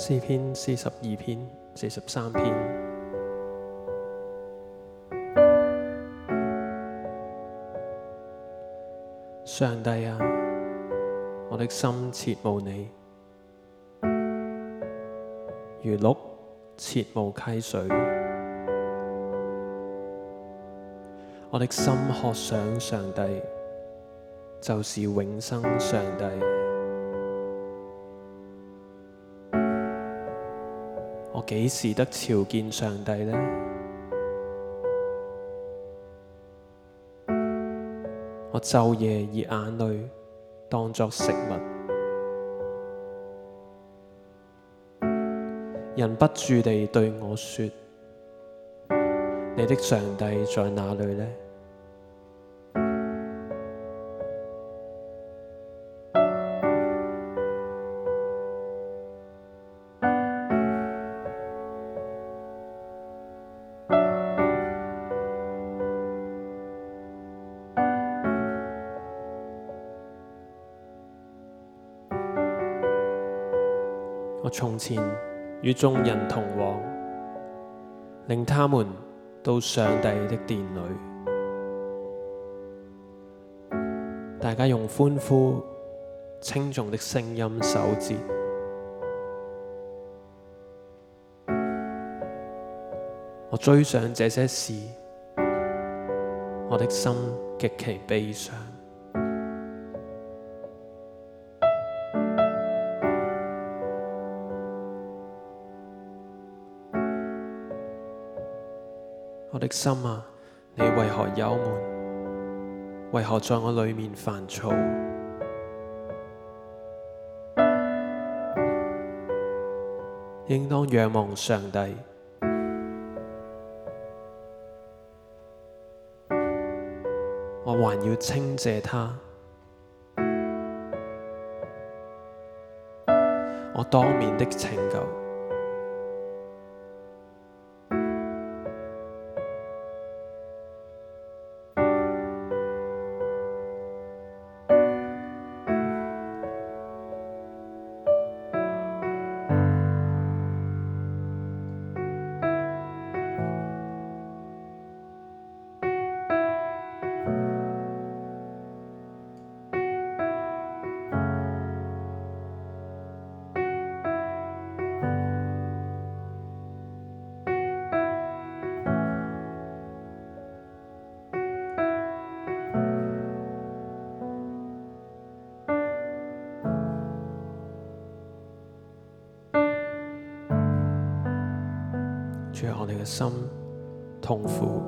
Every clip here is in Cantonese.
四篇、四十二篇、四十三篇。上帝啊，我的心切慕你，如鹿切慕溪水。我的心渴想上，上帝，就是永生上帝。幾時得朝見上帝呢？我晝夜以眼淚當作食物，人不住地對我說：你的上帝在哪裏呢？從前與眾人同往，領他們到上帝的殿裏。大家用歡呼、稱讚的聲音守節。我追想這些事，我的心極其悲傷。心啊，你為何憂悶？為何在我裏面煩躁？應當仰望上帝，我還要稱謝他，我當面的拯救。主，我哋嘅心痛苦，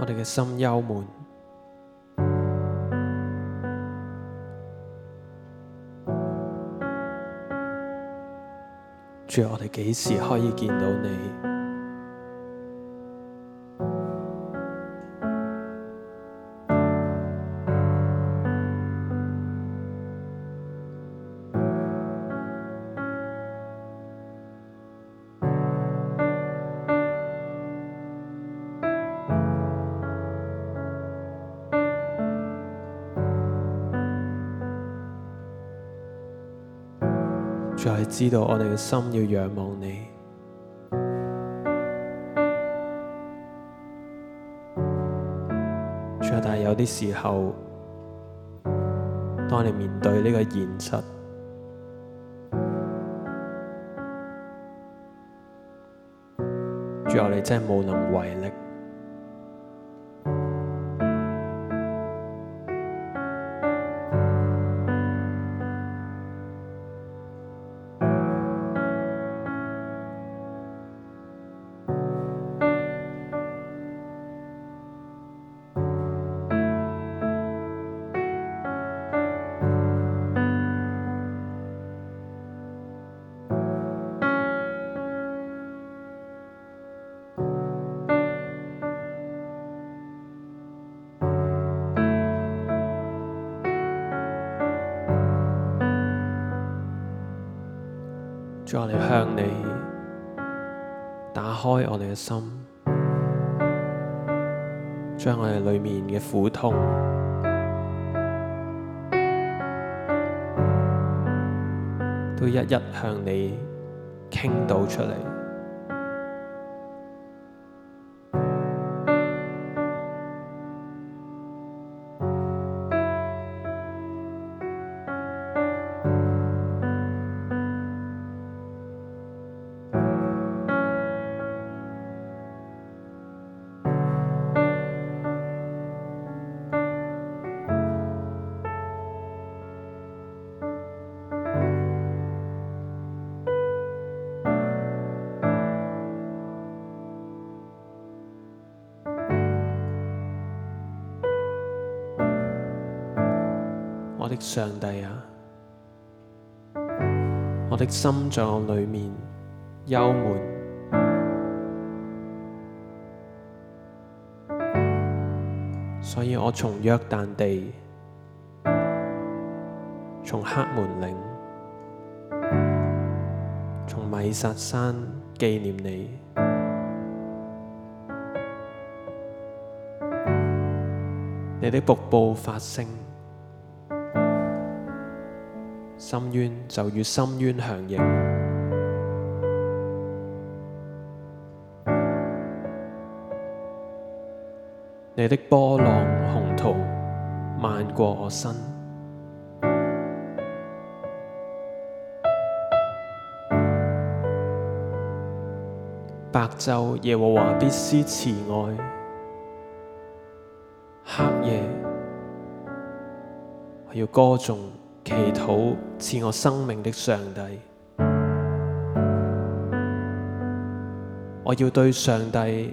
我哋嘅心憂悶。主，我哋幾時可以見到你？就係知道我哋嘅心要仰望你，但係有啲時候，當你面對呢個現實，最後你真係無能為力。將我哋向你打開我哋嘅心，將我哋裏面嘅苦痛都一一向你傾倒出嚟。上帝啊，我的心在我裏面幽悶，所以我從約旦地，從黑門嶺，從米薩山紀念你，你的瀑布發聲。深淵就與深淵響應，你的波浪洪濤漫過我身。白晝耶和華必施慈愛，黑夜我要歌頌。祈禱賜我生命的上帝，我要對上帝，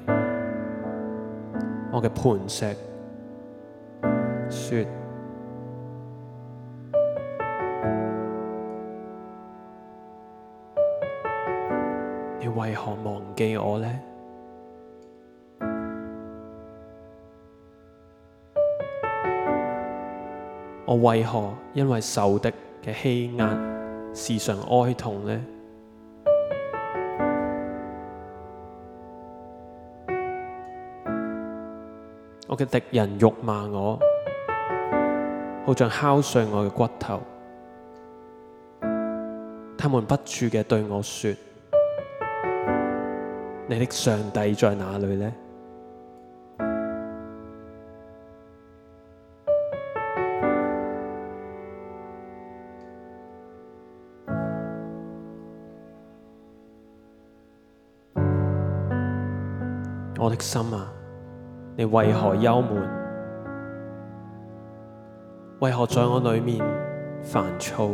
我嘅磐石說：你為何忘記我呢？我為何因為受敵嘅欺壓，時常哀痛呢？我嘅敵人辱罵我，好像敲碎我嘅骨頭。他們不住嘅對我說：你的上帝在哪裏呢？心啊，你為何憂悶？為何在我裏面煩躁？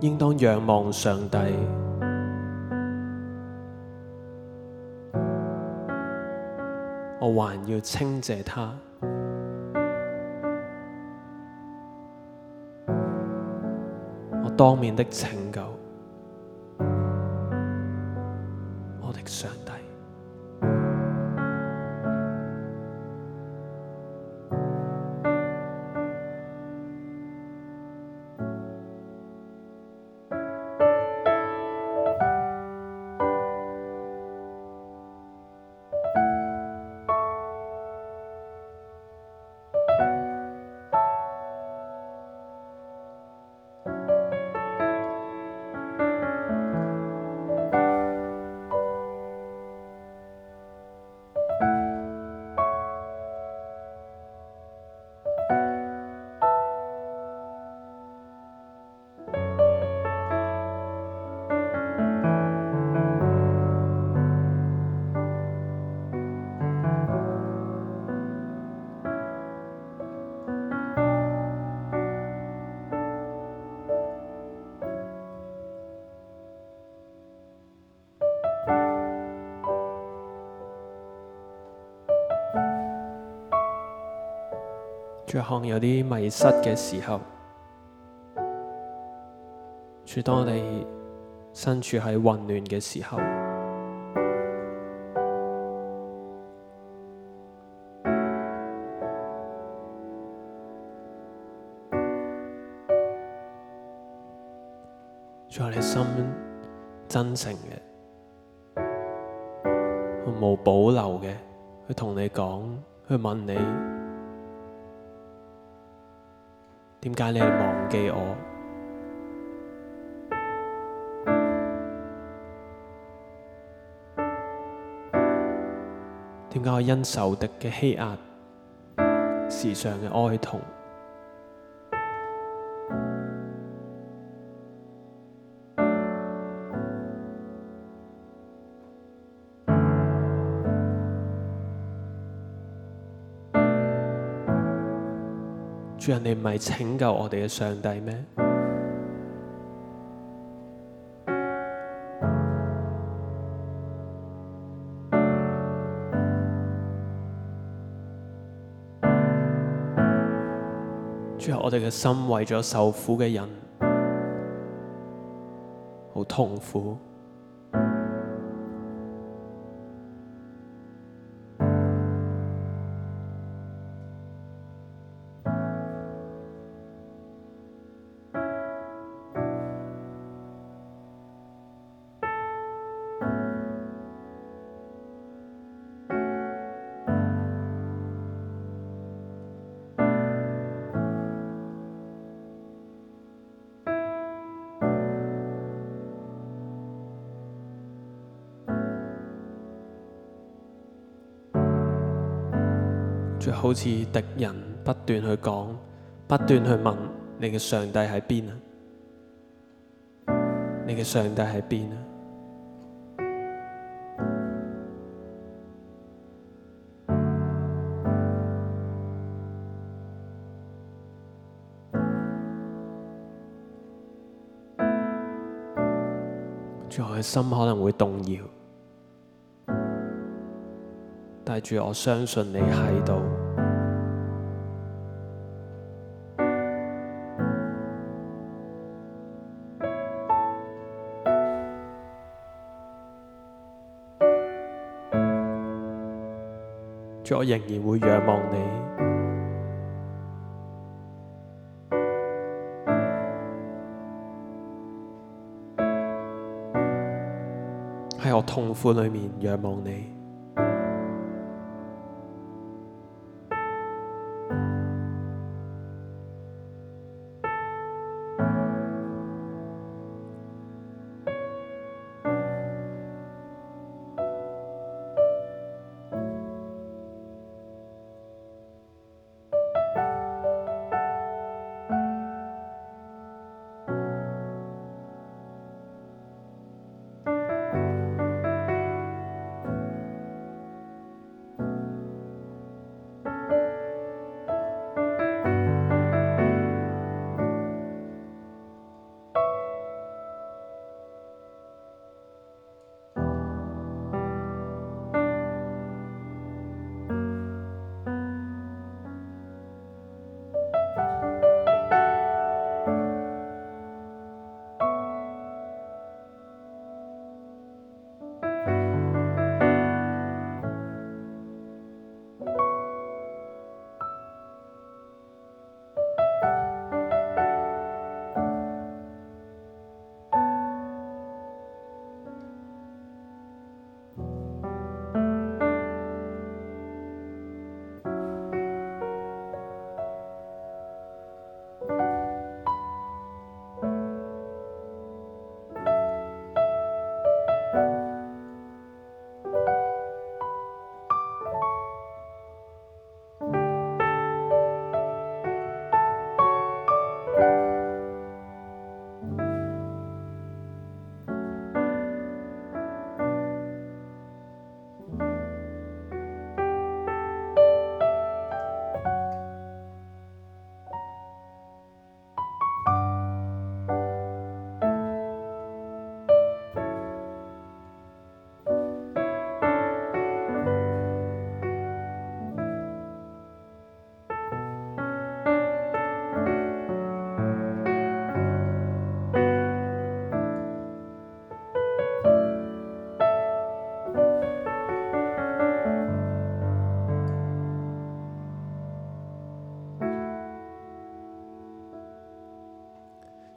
應當仰望上帝，我還要稱謝他，我當面的拯救。在看有啲迷失嘅時候，在當你身處喺混亂嘅時候，在你心真誠嘅，毫無保留嘅去同你講，去問你。點解你係忘記我？點解我因仇敵嘅欺壓時常嘅哀痛？人哋唔係拯救我哋嘅上帝咩？最後，我哋嘅心為咗受苦嘅人，好痛苦。就好似敵人不斷去講，不斷去問你嘅上帝喺邊啊？你嘅上帝喺邊啊？最後嘅心可能會動搖。帶住我相信你喺度，我仍然會仰望你，喺我痛苦裏面仰望你。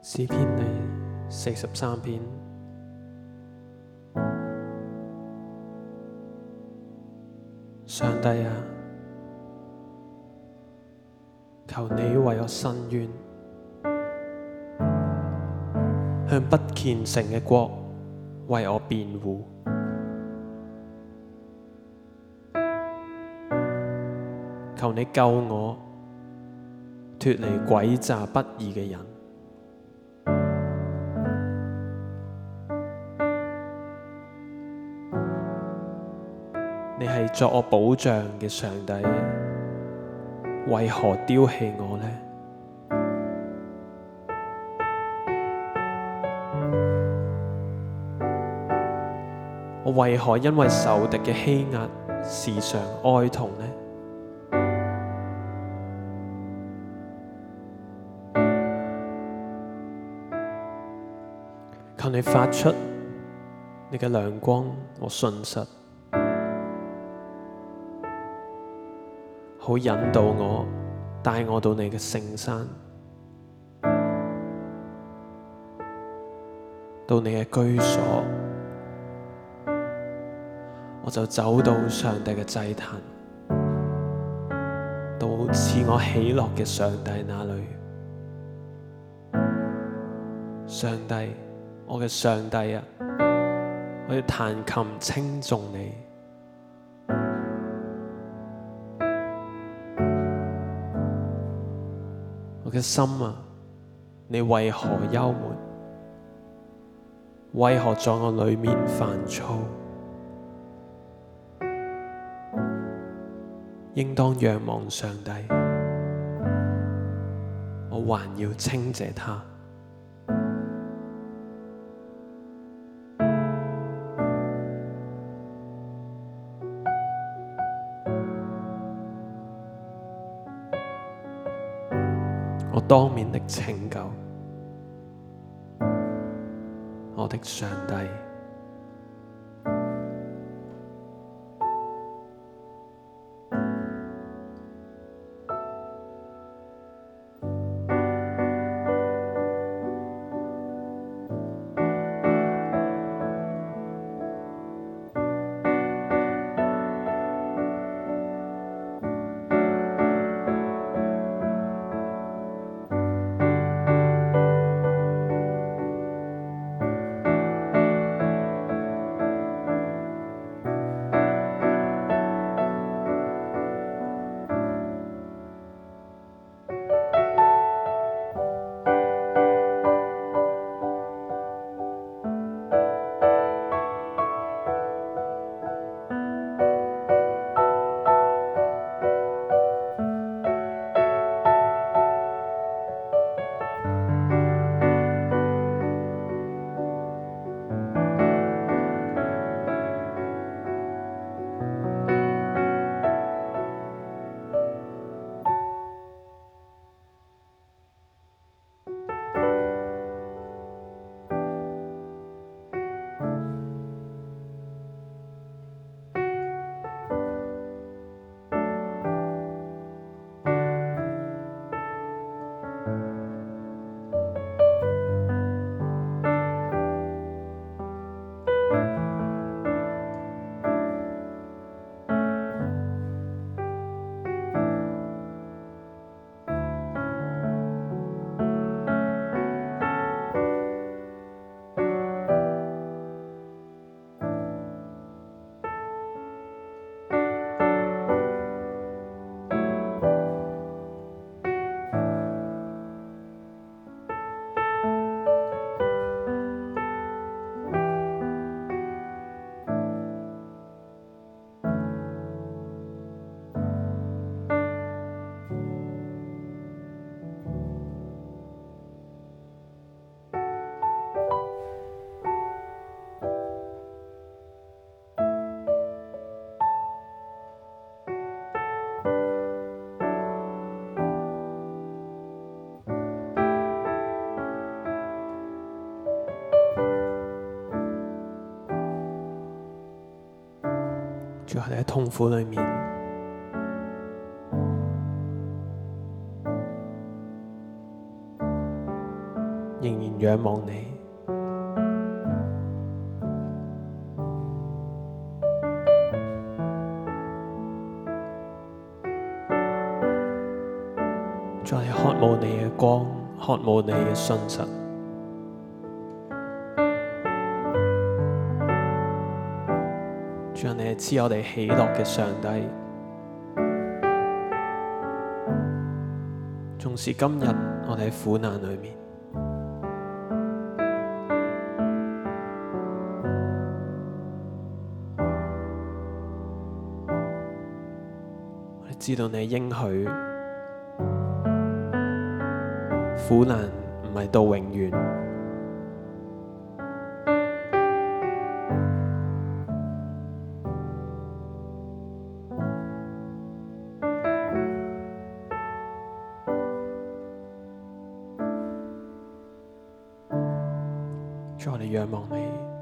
詩篇第四十三篇，上帝啊，求你為我伸冤，向不虔誠嘅國為我辯護，求你救我脱離詭詐不義嘅人。作我保障嘅上帝，為何丟棄我呢？我為何因為仇敵嘅欺壓，時常哀痛呢？求你發出你嘅亮光，我信實。好引導我，帶我到你嘅聖山，到你嘅居所，我就走到上帝嘅祭壇，到賜我喜樂嘅上帝那裏。上帝，我嘅上帝啊，我要彈琴稱頌你。你嘅心啊，你為何憂悶？為何在我裏面煩躁？應當仰望上帝，我還要稱謝他。我當面的拯救，我的上帝。在痛苦裏面，仍然仰望你，再渴望你嘅光，渴望你嘅信實。是我哋喜樂嘅上帝，縱使今日我哋喺苦難裏面，我知道你應許苦難唔係到永遠。叫你仰望你。